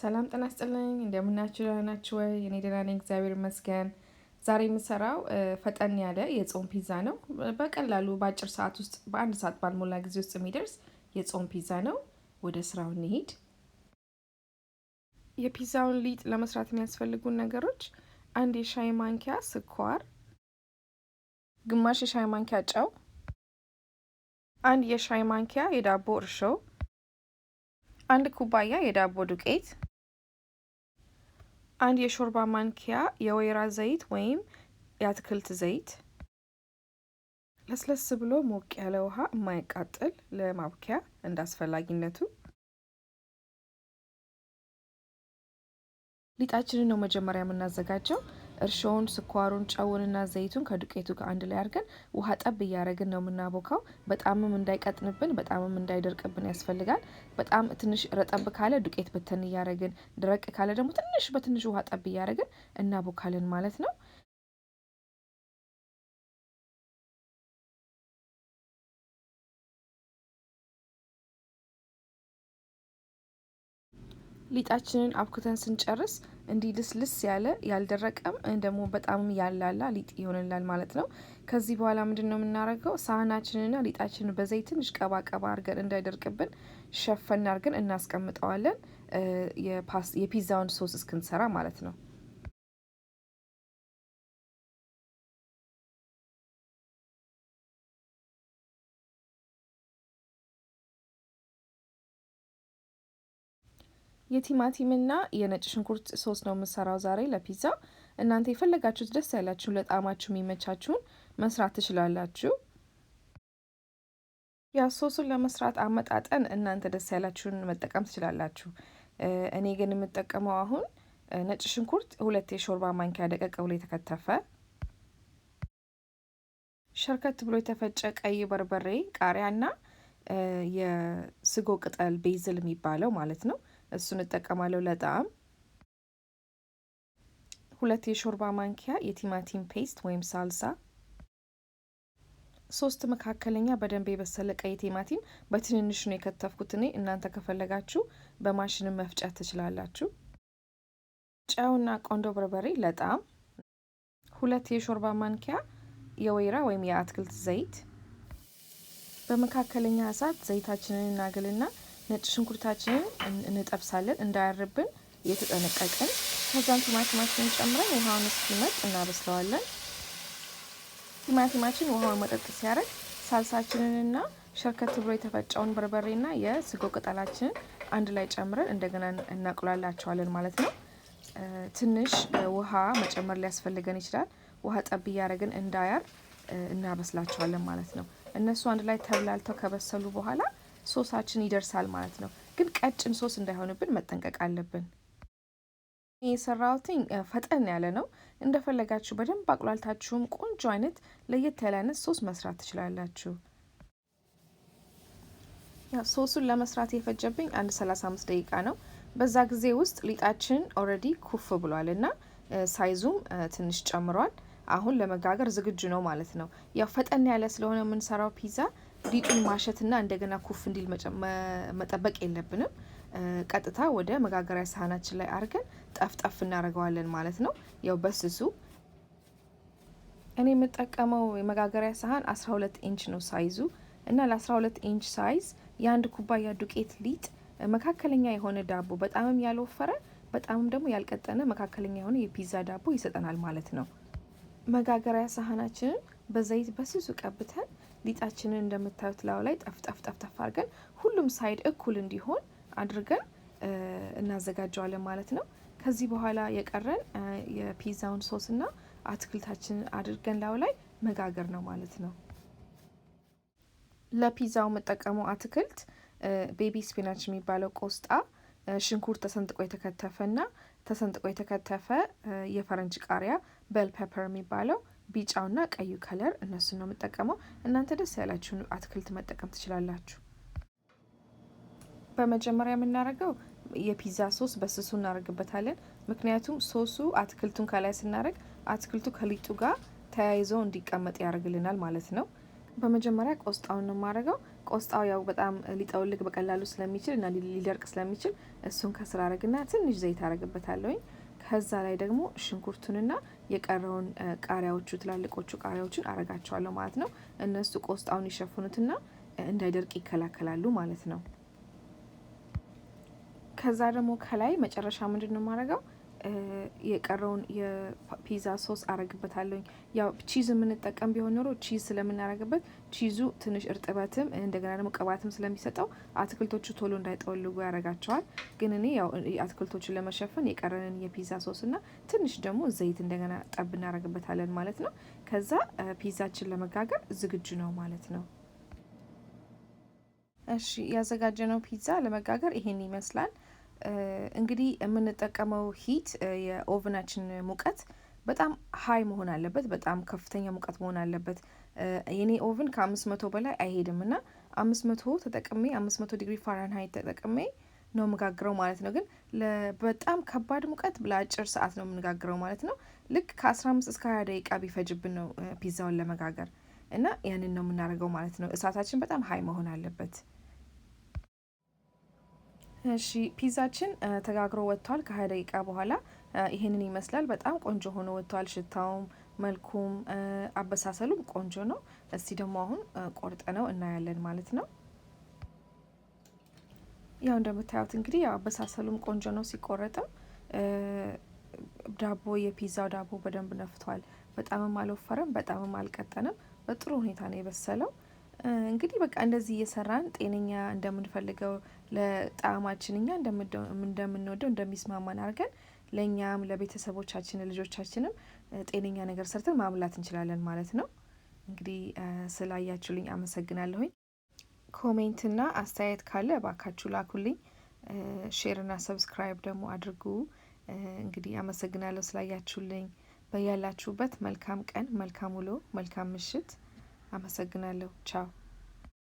ሰላም ጤና ይስጥልኝ። እንደምናችሁ ደህና ናችሁ ወይ? እኔ ደህና ነኝ፣ እግዚአብሔር ይመስገን። ዛሬ የምሰራው ፈጠን ያለ የጾም ፒዛ ነው። በቀላሉ በአጭር ሰዓት ውስጥ በአንድ ሰዓት ባልሞላ ጊዜ ውስጥ የሚደርስ የጾም ፒዛ ነው። ወደ ስራው እንሂድ። የፒዛውን ሊጥ ለመስራት የሚያስፈልጉን ነገሮች አንድ የሻይ ማንኪያ ስኳር፣ ግማሽ የሻይ ማንኪያ ጨው፣ አንድ የሻይ ማንኪያ የዳቦ እርሾ፣ አንድ ኩባያ የዳቦ ዱቄት አንድ የሾርባ ማንኪያ የወይራ ዘይት ወይም የአትክልት ዘይት፣ ለስለስ ብሎ ሞቅ ያለ ውሃ የማይቃጥል ለማብኪያ እንደ አስፈላጊነቱ። ሊጣችንን ነው መጀመሪያ የምናዘጋጀው። እርሾውን፣ ስኳሩን፣ ጨውንና ዘይቱን ከዱቄቱ ጋር አንድ ላይ አድርገን ውሃ ጠብ እያደረግን ነው የምናቦካው። በጣምም እንዳይቀጥንብን በጣምም እንዳይደርቅብን ያስፈልጋል። በጣም ትንሽ ረጠብ ካለ ዱቄት ብትን እያደረግን፣ ደረቅ ካለ ደግሞ ትንሽ በትንሽ ውሃ ጠብ እያደረግን እናቦካለን ማለት ነው። ሊጣችንን አብኩተን ስንጨርስ እንዲህ ልስ ልስ ያለ ያልደረቀም ደግሞ በጣም ያላላ ሊጥ ይሆንላል ማለት ነው። ከዚህ በኋላ ምንድን ነው የምናደርገው? ሳህናችንና ሊጣችንን በዘይት ትንሽ ቀባ ቀባ እንዳይደርቅብን ሸፈን አርገን እናስቀምጠዋለን የፒዛውን ሶስ እስክንሰራ ማለት ነው። የቲማቲምና የነጭ ሽንኩርት ሶስ ነው የምሰራው ዛሬ ለፒዛ። እናንተ የፈለጋችሁት ደስ ያላችሁን ለጣዕማችሁ የሚመቻችሁን መስራት ትችላላችሁ። ያ ሶሱን ለመስራት አመጣጠን እናንተ ደስ ያላችሁን መጠቀም ትችላላችሁ። እኔ ግን የምጠቀመው አሁን ነጭ ሽንኩርት ሁለት የሾርባ ማንኪያ ደቀቅ ብሎ የተከተፈ ሸርከት ብሎ የተፈጨ ቀይ በርበሬ፣ ቃሪያና የስጎ ቅጠል ቤዝል የሚባለው ማለት ነው እሱን እጠቀማለሁ ለጣዕም። ሁለት የሾርባ ማንኪያ የቲማቲም ፔስት ወይም ሳልሳ፣ ሶስት መካከለኛ በደንብ የበሰለ ቀይ ቲማቲም በትንንሽ ነው የከተፍኩት እኔ። እናንተ ከፈለጋችሁ በማሽን መፍጨት ትችላላችሁ። ጨውና ቆንዶ በርበሬ ለጣዕም፣ ሁለት የሾርባ ማንኪያ የወይራ ወይም የአትክልት ዘይት። በመካከለኛ እሳት ዘይታችንን እናግልና ነጭ ሽንኩርታችንን እንጠብሳለን እንዳያርብን እየተጠነቀቅን። ከዛም ቲማቲማችንን ጨምረን ውሃውን እስኪመጥ እናበስለዋለን። ቲማቲማችን ውሃውን መጠጥ ሲያደርግ ሳልሳችንንና ሸርከት ብሎ የተፈጨውን በርበሬና የስጎ ቅጠላችንን አንድ ላይ ጨምረን እንደገና እናቁላላቸዋለን ማለት ነው። ትንሽ ውሃ መጨመር ሊያስፈልገን ይችላል። ውሃ ጠብ እያደረግን እንዳያር እናበስላቸዋለን ማለት ነው። እነሱ አንድ ላይ ተብላልተው ከበሰሉ በኋላ ሶሳችን ይደርሳል ማለት ነው። ግን ቀጭን ሶስ እንዳይሆንብን መጠንቀቅ አለብን። የሰራሁትኝ ፈጠን ያለ ነው። እንደፈለጋችሁ በደንብ አቁላልታችሁም ቆንጆ አይነት ለየት ያለ አይነት ሶስ መስራት ትችላላችሁ። ሶሱን ለመስራት የፈጀብኝ አንድ ሰላሳ አምስት ደቂቃ ነው። በዛ ጊዜ ውስጥ ሊጣችን ኦልሬዲ ኩፍ ብሏል እና ሳይዙም ትንሽ ጨምሯል። አሁን ለመጋገር ዝግጁ ነው ማለት ነው። ያው ፈጠን ያለ ስለሆነ የምንሰራው ፒዛ ሊጡን ማሸትና እንደገና ኩፍ እንዲል መጠበቅ የለብንም። ቀጥታ ወደ መጋገሪያ ሳህናችን ላይ አድርገን ጠፍጠፍ እናደርገዋለን ማለት ነው። ያው በስሱ እኔ የምጠቀመው የመጋገሪያ ሳህን 12 ኢንች ነው ሳይዙ እና ለ12 ኢንች ሳይዝ የአንድ ኩባያ ዱቄት ሊጥ መካከለኛ የሆነ ዳቦ በጣምም ያልወፈረ በጣምም ደግሞ ያልቀጠነ መካከለኛ የሆነ የፒዛ ዳቦ ይሰጠናል ማለት ነው። መጋገሪያ ሳህናችንን በዘይት በስሱ ቀብተን ሊጣችንን እንደምታዩት ላዩ ላይ ጠፍጠፍ ጠፍጠፍ አድርገን ሁሉም ሳይድ እኩል እንዲሆን አድርገን እናዘጋጀዋለን ማለት ነው። ከዚህ በኋላ የቀረን የፒዛውን ሶስና አትክልታችንን አድርገን ላዩ ላይ መጋገር ነው ማለት ነው። ለፒዛው የምጠቀመው አትክልት ቤቢ ስፒናች የሚባለው ቆስጣ፣ ሽንኩርት ተሰንጥቆ የተከተፈ ና ተሰንጥቆ የተከተፈ የፈረንጅ ቃሪያ፣ በል ፔፐር የሚባለው ቢጫውና ቀዩ ከለር እነሱን ነው የምጠቀመው። እናንተ ደስ ያላችሁን አትክልት መጠቀም ትችላላችሁ። በመጀመሪያ የምናደርገው የፒዛ ሶስ በስሱ እናደርግበታለን። ምክንያቱም ሶሱ አትክልቱን ከላይ ስናደርግ አትክልቱ ከሊጡ ጋር ተያይዞ እንዲቀመጥ ያደርግልናል ማለት ነው። በመጀመሪያ ቆስጣውን ነው የማደርገው። ቆስጣው ያው በጣም ሊጠውልግ በቀላሉ ስለሚችል እና ሊደርቅ ስለሚችል እሱን ከስር አረግና ትንሽ ዘይት አረግበታለሁኝ። ከዛ ላይ ደግሞ ሽንኩርቱንና የቀረውን ቃሪያዎቹ ትላልቆቹ ቃሪያዎችን አረጋቸዋለሁ ማለት ነው። እነሱ ቆስጣውን ይሸፍኑትና እንዳይደርቅ ይከላከላሉ ማለት ነው። ከዛ ደግሞ ከላይ መጨረሻ ምንድን ነው የማደርገው የቀረውን የፒዛ ሶስ አረግበታለሁ። ያው ቺዝ የምንጠቀም ቢሆን ኖሮ ቺዝ ስለምናረግበት ቺዙ ትንሽ እርጥበትም እንደገና ደግሞ ቅባትም ስለሚሰጠው አትክልቶቹ ቶሎ እንዳይጠወልጉ ያረጋቸዋል። ግን እኔ ያው አትክልቶቹን ለመሸፈን የቀረንን የፒዛ ሶስ እና ትንሽ ደግሞ ዘይት እንደገና ጠብ እናረግበታለን ማለት ነው። ከዛ ፒዛችን ለመጋገር ዝግጁ ነው ማለት ነው። እሺ ያዘጋጀነው ፒዛ ለመጋገር ይሄን ይመስላል። እንግዲህ የምንጠቀመው ሂት የኦቭናችን ሙቀት በጣም ሀይ መሆን አለበት፣ በጣም ከፍተኛ ሙቀት መሆን አለበት። የኔ ኦቭን ከአምስት መቶ በላይ አይሄድም እና አምስት መቶ ተጠቅሜ አምስት መቶ ዲግሪ ፋራንሃይት ተጠቅሜ ነው የምጋግረው ማለት ነው። ግን በጣም ከባድ ሙቀት ለአጭር ሰዓት ነው የምንጋግረው ማለት ነው። ልክ ከ15 እስከ 20 ደቂቃ ቢፈጅብን ነው ፒዛውን ለመጋገር እና ያንን ነው የምናደርገው ማለት ነው። እሳታችን በጣም ሀይ መሆን አለበት። እሺ ፒዛችን ተጋግሮ ወጥቷል። ከሀያ ደቂቃ በኋላ ይሄንን ይመስላል። በጣም ቆንጆ ሆኖ ወጥቷል። ሽታውም፣ መልኩም፣ አበሳሰሉም ቆንጆ ነው። እስቲ ደግሞ አሁን ቆርጠ ነው እናያለን ማለት ነው። ያው እንደምታዩት እንግዲህ ያው አበሳሰሉም ቆንጆ ነው። ሲቆረጥም ዳቦ የፒዛው ዳቦ በደንብ ነፍቷል። በጣምም አልወፈረም፣ በጣምም አልቀጠንም። በጥሩ ሁኔታ ነው የበሰለው። እንግዲህ በቃ እንደዚህ እየሰራን ጤነኛ እንደምንፈልገው ለጣዕማችን እኛ እንደምንወደው እንደሚስማማን አድርገን ለእኛም ለቤተሰቦቻችን ልጆቻችንም ጤነኛ ነገር ሰርተን ማብላት እንችላለን ማለት ነው። እንግዲህ ስላያችሁልኝ አመሰግናለሁኝ። ኮሜንትና አስተያየት ካለ እባካችሁ ላኩልኝ። ሼርና ሰብስክራይብ ደግሞ አድርጉ። እንግዲህ አመሰግናለሁ ስላያችሁልኝ። በያላችሁበት መልካም ቀን፣ መልካም ውሎ፣ መልካም ምሽት አመሰግናለሁ። ቻው